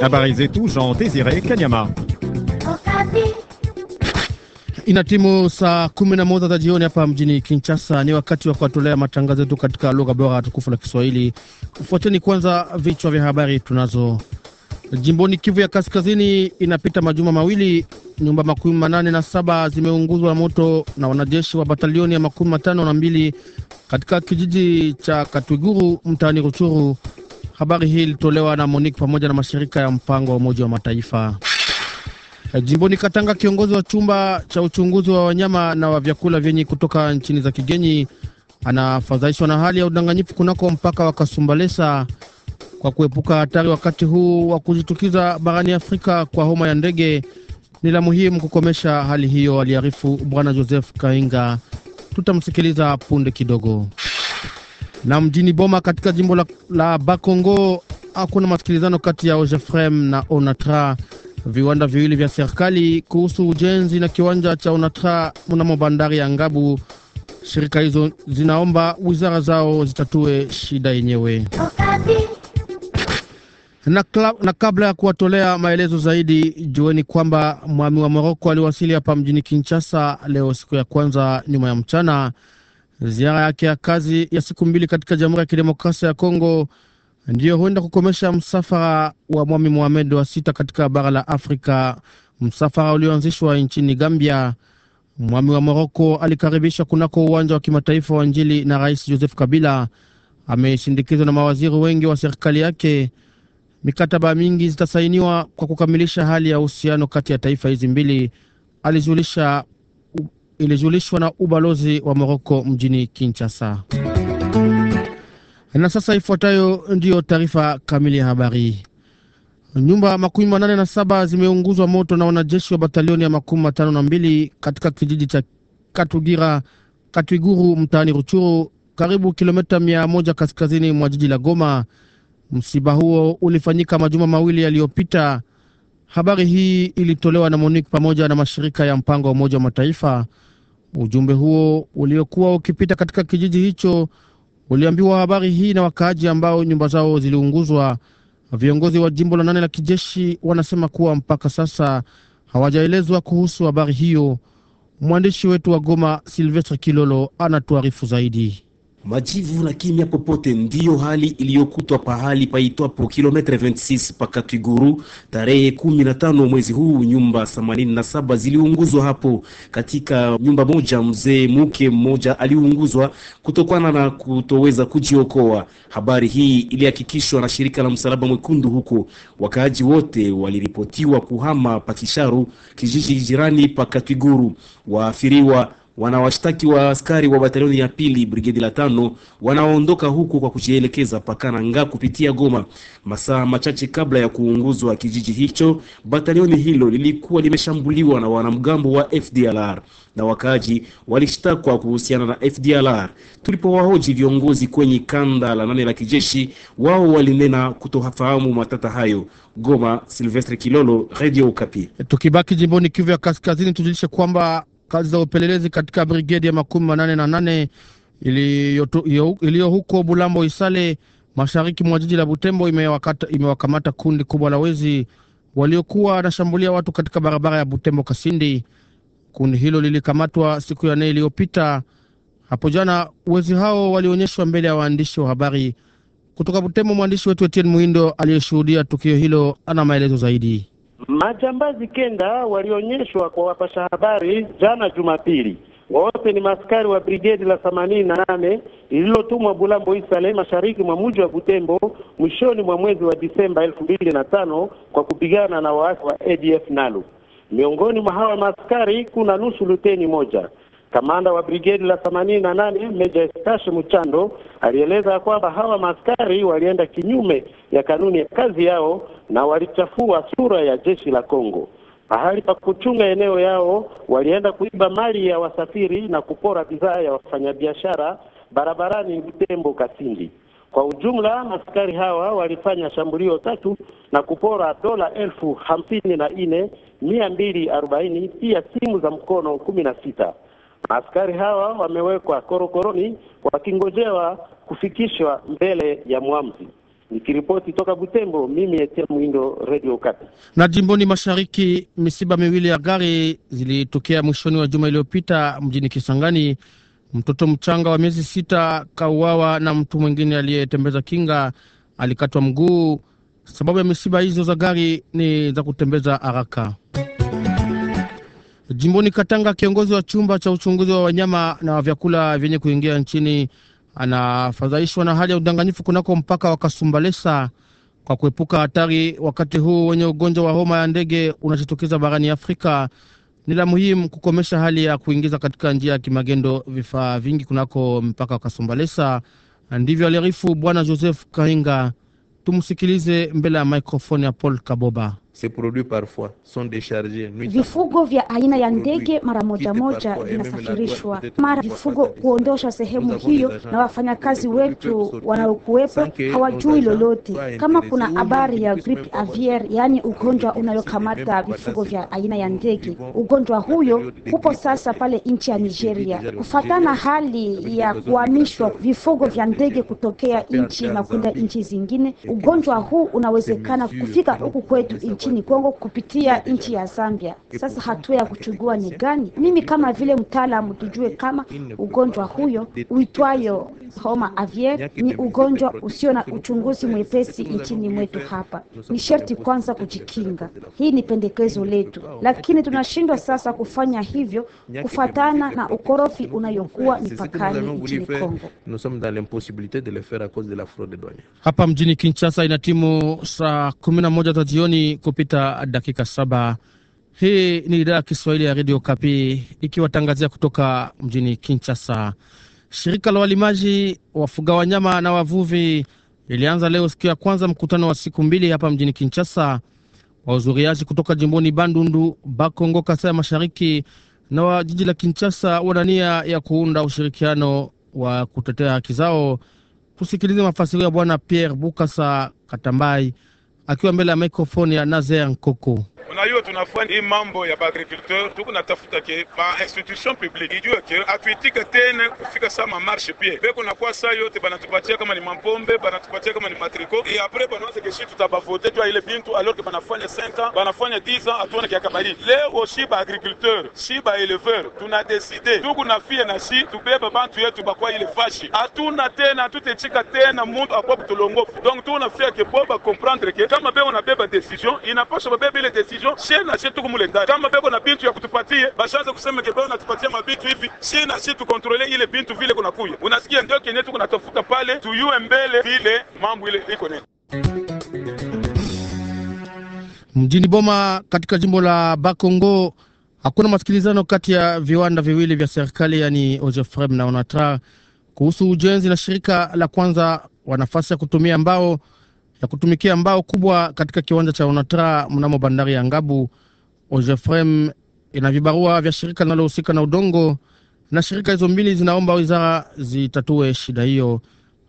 Habari zetu Jean Désiré Kanyama. Inatimu saa kumi na moja za jioni hapa mjini Kinshasa. Ni wakati wa kuwatolea matangazo yetu katika lugha bora tukufu la Kiswahili. Fuateni kwanza vichwa vya habari tunazo. Jimboni Kivu ya Kaskazini, inapita majuma mawili, nyumba makumi manane na saba zimeunguzwa na moto na wanajeshi wa batalioni ya makumi matano na mbili katika kijiji cha Katwiguru mtaani Ruchuru. Habari hii ilitolewa na Monique pamoja na mashirika ya mpango wa Umoja wa Mataifa. Eh, jimboni Katanga, kiongozi wa chumba cha uchunguzi wa wanyama na wa vyakula vyenye kutoka nchini za kigeni anafadhaishwa na hali ya udanganyifu kunako mpaka wa Kasumbalesa kwa kuepuka hatari wakati huu wa kujitukiza barani Afrika kwa homa ya ndege. Ni la muhimu kukomesha hali hiyo, aliarifu Bwana Joseph Kainga. Tutamsikiliza punde kidogo. Na mjini Boma katika jimbo la, la Bakongo hakuna masikilizano kati ya OGEFREM na ONATRA, viwanda viwili vya serikali kuhusu ujenzi na kiwanja cha ONATRA mnamo bandari ya Ngabu. Shirika hizo zinaomba wizara zao zitatue shida yenyewe. Na, na kabla ya kuwatolea maelezo zaidi, jueni kwamba mwami wa Moroko aliwasili hapa mjini Kinshasa leo siku ya kwanza nyuma ya mchana. Ziara yake ya kazi ya siku mbili katika Jamhuri ya Kidemokrasia ya Kongo ndiyo huenda kukomesha msafara wa Mwami Mohamed wa sita katika bara la Afrika, msafara ulioanzishwa nchini Gambia. Mwami wa Moroko alikaribishwa kunako uwanja wa kimataifa wa Njili na Rais Joseph Kabila. Amesindikizwa na mawaziri wengi wa serikali yake. Mikataba mingi zitasainiwa kwa kukamilisha hali ya uhusiano kati ya taifa hizi mbili, alijulisha ilijulishwa na ubalozi wa Moroko mjini Kinshasa. Na sasa ifuatayo ndiyo taarifa kamili ya habari. Nyumba makumi manane na saba zimeunguzwa moto na wanajeshi wa batalioni ya makumi matano na mbili katika kijiji cha Katugira Katwiguru mtaani Ruchuru, karibu kilomita mia moja kaskazini mwa jiji la Goma. Msiba huo ulifanyika majuma mawili yaliyopita. Habari hii ilitolewa na Monique pamoja na mashirika ya mpango wa Umoja wa Mataifa. Ujumbe huo uliokuwa ukipita katika kijiji hicho uliambiwa habari hii na wakaaji ambao nyumba zao ziliunguzwa. Viongozi wa jimbo la nane la kijeshi wanasema kuwa mpaka sasa hawajaelezwa kuhusu habari hiyo. Mwandishi wetu wa Goma, Silvestre Kilolo, anatuarifu zaidi. Majivu na kimya popote, ndiyo hali iliyokutwa pahali paitwapo kilomita 26 pa Katwiguru tarehe 15 mwezi huu. Nyumba 87 ziliunguzwa hapo. Katika nyumba moja, mzee mke mmoja aliunguzwa kutokana na kutoweza kujiokoa. Habari hii ilihakikishwa na shirika la Msalaba Mwekundu huko. Wakaaji wote waliripotiwa kuhama Pakisharu, kijiji jirani pa Katwiguru. Waathiriwa wanawashtaki wa askari wa batalioni ya pili brigedi la tano wanaoondoka huku kwa kujielekeza Pakananga kupitia Goma. Masaa machache kabla ya kuunguzwa kijiji hicho, batalioni hilo lilikuwa limeshambuliwa na wanamgambo wa FDLR na wakaaji walishtakwa kuhusiana na FDLR. Tulipowahoji viongozi kwenye kanda la nane la kijeshi, wao walinena kutofahamu matata hayo. Goma, Silvestre Kilolo, Radio ukapi Tukibaki jimboni Kivu ya Kaskazini, tujulishe kwamba kazi za upelelezi katika brigedi ya makumi manane na nane iliyo huko Bulambo Isale, mashariki mwa jiji la Butembo imewakata, imewakamata kundi kubwa la wezi waliokuwa wanashambulia watu katika barabara ya Butembo Kasindi. Kundi hilo lilikamatwa siku ya nne iliyopita. Hapo jana wezi hao walionyeshwa mbele ya waandishi wa habari kutoka Butembo. Mwandishi wetu Etienne Muindo aliyeshuhudia tukio hilo ana maelezo zaidi. Majambazi kenda walionyeshwa kwa wapasha habari jana Jumapili. Wote ni maskari wa brigedi la themanini na nane lililotumwa Bulambo Isale, mashariki mwa mji wa Butembo mwishoni mwa mwezi wa Disemba elfu mbili na tano kwa kupigana na waasi wa ADF Nalu. Miongoni mwa hawa maskari kuna nusu luteni moja Kamanda wa brigedi la na nane Meja Estashi Muchando alieleza kwamba hawa maaskari walienda kinyume ya kanuni ya kazi yao na walichafua sura ya jeshi la Kongo. Pahali pa kuchunga eneo yao, walienda kuiba mali ya wasafiri na kupora bidhaa ya wafanyabiashara barabarani Butembo Kasindi. Kwa ujumla maskari hawa walifanya shambulio tatu na kupora dola elfu hamsini na nne mia mbili arobaini pia simu za mkono kumi na sita. Askari hawa wamewekwa korokoroni wakingojewa kufikishwa mbele ya mwamzi. Nikiripoti toka Butembo, mimi Etia Mwindo, Radio Kati. Na jimboni mashariki, misiba miwili ya gari zilitokea mwishoni wa juma iliyopita mjini Kisangani. Mtoto mchanga wa miezi sita kauawa na mtu mwingine aliyetembeza kinga alikatwa mguu. Sababu ya misiba hizo za gari ni za kutembeza haraka. Jimboni Katanga, kiongozi wa chumba cha uchunguzi wa wanyama na vyakula vyenye kuingia nchini anafadhaishwa na hali ya udanganyifu kunako mpaka wa Kasumbalesa kwa kuepuka hatari wakati huu wenye ugonjwa wa homa ya ndege unajitokeza barani Afrika. Ni la muhimu kukomesha hali ya kuingiza katika njia ya kimagendo vifaa vingi kunako mpaka wa Kasumbalesa. Ndivyo aliarifu Bwana Joseph Kainga. Tumsikilize mbele ya mikrofoni ya Paul Kaboba ces parfois sont déchargés. Vifugo vya aina ya ndege mara moja moja vinasafirishwa, mara vifugo kuondosha sehemu hiyo, na wafanyakazi wetu wanaokuwepo hawajui lolote. Kama kuna habari ya grip aviaire, yaani ugonjwa unayokamata vifugo vya aina ya ndege, ugonjwa huyo upo sasa pale nchi ya Nigeria, kufatana hali ya kuhamishwa vifugo vya ndege kutokea nchi na kwenda nchi zingine. Ugonjwa huu unawezekana kufika huku kwetu nchi nchini Kongo kupitia nchi ya Zambia. Sasa hatua ya kuchugua ni gani? Mimi kama vile mtaalamu, tujue kama ugonjwa huyo uitwayo Homa aviar ni ugonjwa usio na uchunguzi mwepesi nchini mwetu hapa. Ni sharti kwanza kujikinga. Hii ni pendekezo letu, lakini tunashindwa sasa kufanya hivyo kufatana na ukorofi unayokuwa mipakani nchini Kongo. Hapa mjini Kinshasa ina timu saa kumi na moja za jioni kupita dakika saba. Hii ni idhaa ya Kiswahili ya Radio Kapi ikiwatangazia kutoka mjini Kinshasa. Shirika la walimaji, wafuga wanyama na wavuvi lilianza leo siku ya kwanza mkutano wa siku mbili hapa mjini Kinshasa. Wahudhuriaji kutoka jimboni Bandundu, Bakongo, Kasai ya Mashariki na wa jiji la Kinshasa wana nia ya kuunda ushirikiano wa kutetea haki zao. Tusikilize mafasirio ya Bwana Pierre Bukasa Katambai akiwa mbele ya mikrofoni ya Nazer Nkoko. Unajua, tunafanya hii mambo ya baagriculteur, tuku natafuta ke ba institution publique ijue ke atuitike tena kufika saa mamarshe pie beko nakuwa saa yote banatupatia kama ni mampombe banatupatia kama ni matriko e apres banaanza keshi tutabavote jua ile bintu alors ke banafanya 5 ans banafanya 10 ans atuone ke akabali leo shi baagriculteur shi baeleveur tunadeside tuku na fie na shi tubebe bantu yetu bakwa ile fashi hatuna tena hatutechika tena muntu akwa butulongofu donc tunafia ke po bacomprendre ke kama be unabeba decision inapasha babebe ile decision decision sie na sie tuko mule ndani. Kama beko na bintu ya kutupatie bashaanza kusema kebao natupatia mabitu hivi, sie na sie tukontrole ile bintu vile kunakuya, unasikia ndio kenye tuko natafuta pale, tuyue mbele vile mambo ile iko nini mjini Boma katika jimbo la Bakongo. Hakuna masikilizano kati ya viwanda viwili vya serikali yani OGEFREM na ONATRA kuhusu ujenzi na shirika la kwanza wa nafasi ya kutumia mbao ya kutumikia mbao kubwa katika kiwanja cha Onatra mnamo bandari ya Ngabu. Ojefrem ina vibarua vya shirika linalohusika na udongo, na shirika hizo mbili zinaomba wizara zitatue shida hiyo.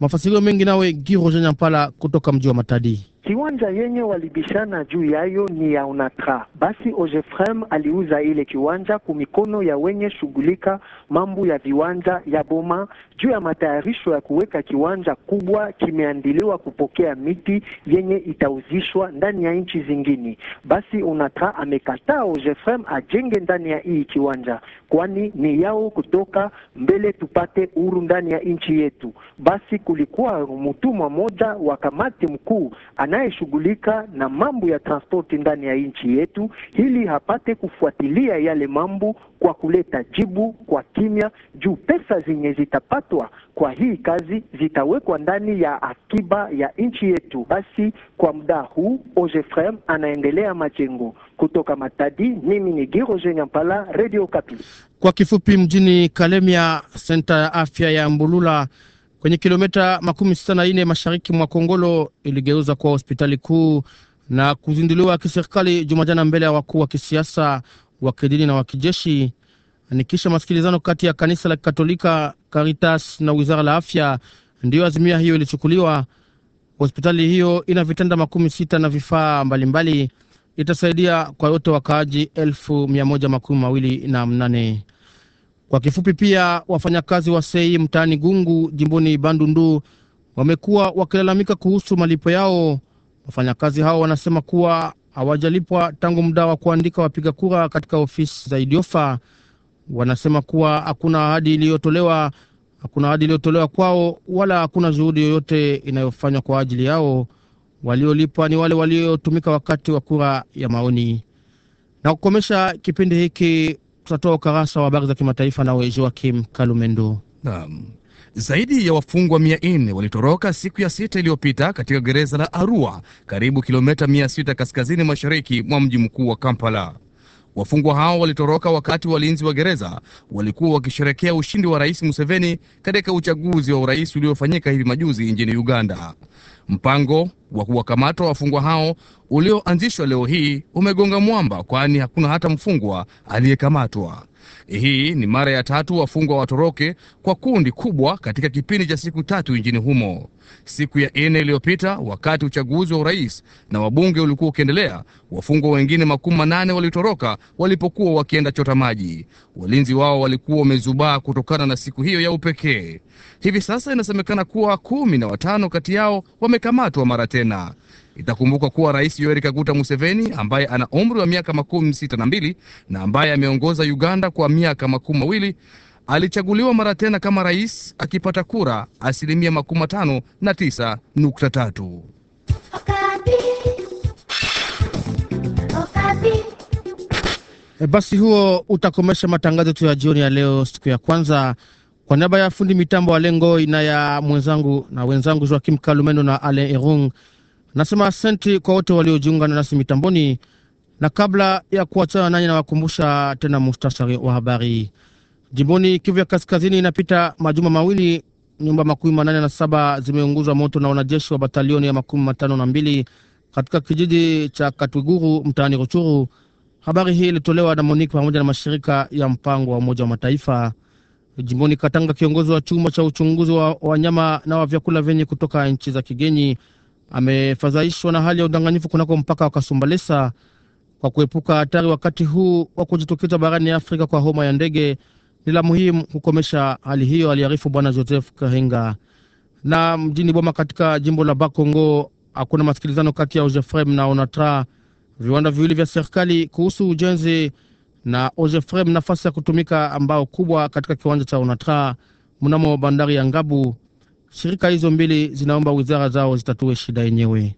Mafasirio mengi nawe Giroje Nyampala kutoka mji wa Matadi. Kiwanja yenye walibishana juu yayo ni ya unatra Basi Ogefrem aliuza ile kiwanja kumikono ya wenye shughulika mambo ya viwanja ya Boma juu ya matayarisho ya kuweka kiwanja kubwa kimeandiliwa kupokea miti yenye itauzishwa ndani ya nchi zingine. Basi unatra amekataa Ogefrem ajenge ndani ya hii kiwanja, kwani ni yao kutoka mbele tupate uhuru ndani ya nchi yetu. Basi kulikuwa mtumwa moja wa kamati mkuu anayeshughulika na mambo ya transporti ndani ya nchi yetu, ili hapate kufuatilia yale mambo kwa kuleta jibu kwa kimya, juu pesa zenye zitapatwa kwa hii kazi zitawekwa ndani ya akiba ya nchi yetu. Basi kwa muda huu OGFM anaendelea majengo kutoka Matadi. Mimi ni Giroje Nyampala, Radio Kapi. Kwa kifupi, mjini Kalemia, senta ya afya ya Mbulula kwenye kilomita makumi sita na nne mashariki mwa Kongolo iligeuza kuwa hospitali kuu na kuzinduliwa kiserikali Jumajana mbele ya wakuu wa kisiasa wa kidini na wa kijeshi. Ni kisha masikilizano kati ya kanisa la Kikatolika, Caritas na wizara la afya, ndiyo azimia hiyo ilichukuliwa. Hospitali hiyo ina vitanda makumi sita na vifaa mbalimbali, itasaidia kwa yote wakaaji elfu mia moja makumi mawili na mnane. Kwa kifupi, pia wafanyakazi wa sei mtaani Gungu jimboni Bandundu wamekuwa wakilalamika kuhusu malipo yao. Wafanyakazi hao wanasema kuwa hawajalipwa tangu muda wa kuandika wapiga kura katika ofisi za Idiofa. Wanasema kuwa hakuna ahadi iliyotolewa hakuna ahadi iliyotolewa kwao wala hakuna juhudi yoyote inayofanywa kwa ajili yao. Waliolipwa ni wale waliotumika wakati wa kura ya maoni. Na kukomesha kipindi hiki tutatoa ukarasa wa habari za kimataifa na Kim Kalumendo. Naam, zaidi ya wafungwa mia nne walitoroka siku ya sita iliyopita katika gereza la Arua, karibu kilomita mia sita kaskazini mashariki mwa mji mkuu wa Kampala. Wafungwa hao walitoroka wakati walinzi wa gereza walikuwa wakisherekea ushindi wa Rais Museveni katika uchaguzi wa urais uliofanyika hivi majuzi nchini Uganda. Mpango wa kuwakamata wafungwa hao ulioanzishwa leo hii umegonga mwamba, kwani hakuna hata mfungwa aliyekamatwa. Hii ni mara ya tatu wafungwa watoroke kwa kundi kubwa katika kipindi cha siku tatu nchini humo. Siku ya nne iliyopita, wakati uchaguzi wa urais na wabunge ulikuwa ukiendelea, wafungwa wengine makumi manane walitoroka walipokuwa wakienda chota maji. Walinzi wao walikuwa wamezubaa kutokana na siku hiyo ya upekee. Hivi sasa inasemekana kuwa kumi na watano kati yao wamekamatwa mara tena. Itakumbukwa kuwa Rais Yoweri Kaguta Museveni ambaye ana umri wa miaka makumi sita na mbili na ambaye ameongoza Uganda kwa miaka makumi mawili alichaguliwa mara tena kama rais akipata kura asilimia makumi matano na tisa nukta tatu. E, basi huo utakomesha matangazo yetu ya jioni ya leo, siku ya kwanza. Kwa niaba ya fundi mitambo wa lengo ina ya mwenzangu na wenzangu Joakim Kalumendo na Alen Erung Nasema asante kwa wote waliojiunga nasi mitamboni, na kabla ya kuachana nanyi, nawakumbusha tena mustasari wa habari. Jimboni Kivu ya Kaskazini inapita majuma mawili, nyumba makumi manane na saba zimeunguzwa moto na wanajeshi wa batalioni ya makumi matano na mbili katika kijiji cha Katwiguru mtaani Ruchuru. Habari hii ilitolewa na Monique pamoja na mashirika ya mpango wa Umoja wa Mataifa. Jimboni Katanga, kiongozi wa chumba cha uchunguzi wa wanyama na wa vyakula vyenye kutoka nchi za kigeni amefadhaishwa na hali ya udanganyifu kunako mpaka wa Kasumbalesa kwa kuepuka hatari wakati huu wa kujitokeza barani Afrika kwa homa ya ndege. Ni la muhimu kukomesha hali hiyo, aliarifu Bwana Joseph Kahinga. Na mjini Boma katika jimbo la Bakongo hakuna masikilizano kati ya OGEFREM na ONATRA, viwanda viwili vya serikali kuhusu ujenzi na OGEFREM nafasi ya kutumika ambao kubwa katika kiwanja cha ONATRA mnamo bandari ya Ngabu. Shirika hizo mbili zinaomba wizara zao zitatue shida yenyewe.